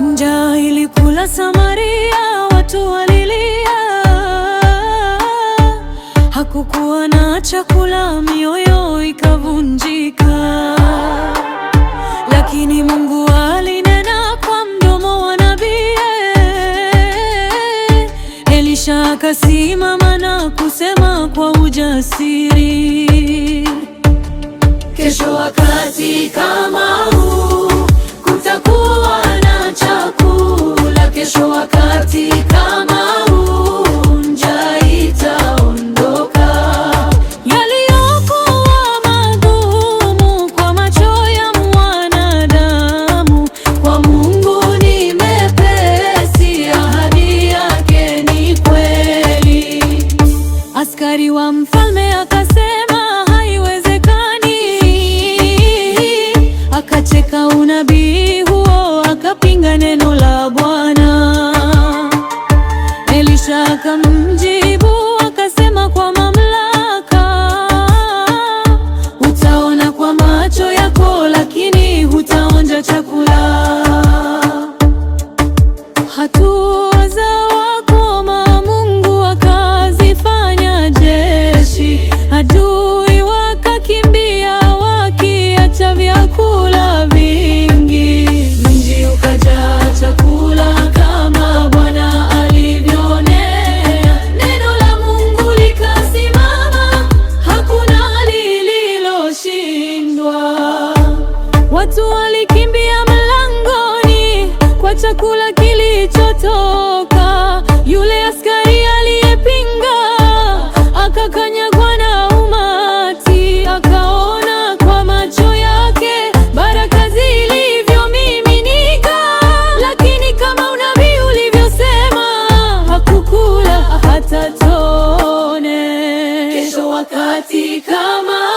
Njaa ilikula Samaria, watu walilia, hakukuwa na chakula, mioyo ikavunjika, lakini Mungu alinena kwa mdomo wa nabii Elisha, akasimama na kusema kwa ujasiri Kesho wakati kama huu kutakuwa na chakula. Kesho wakati kama Yaliyokuwa kwa mwanadamu, kwa Mungu ni mepesi. Ahadi yake ni kweli. Askari wa mfalme akasema katika huo akapinga neno la Bwana. Watu walikimbia mlangoni kwa chakula kilichotoka. Yule askari aliyepinga akakanyagwa na umati, akaona kwa macho yake baraka zilivyomiminika. Lakini kama unabii ulivyosema, hakukula hata tone. Kesho wakati kama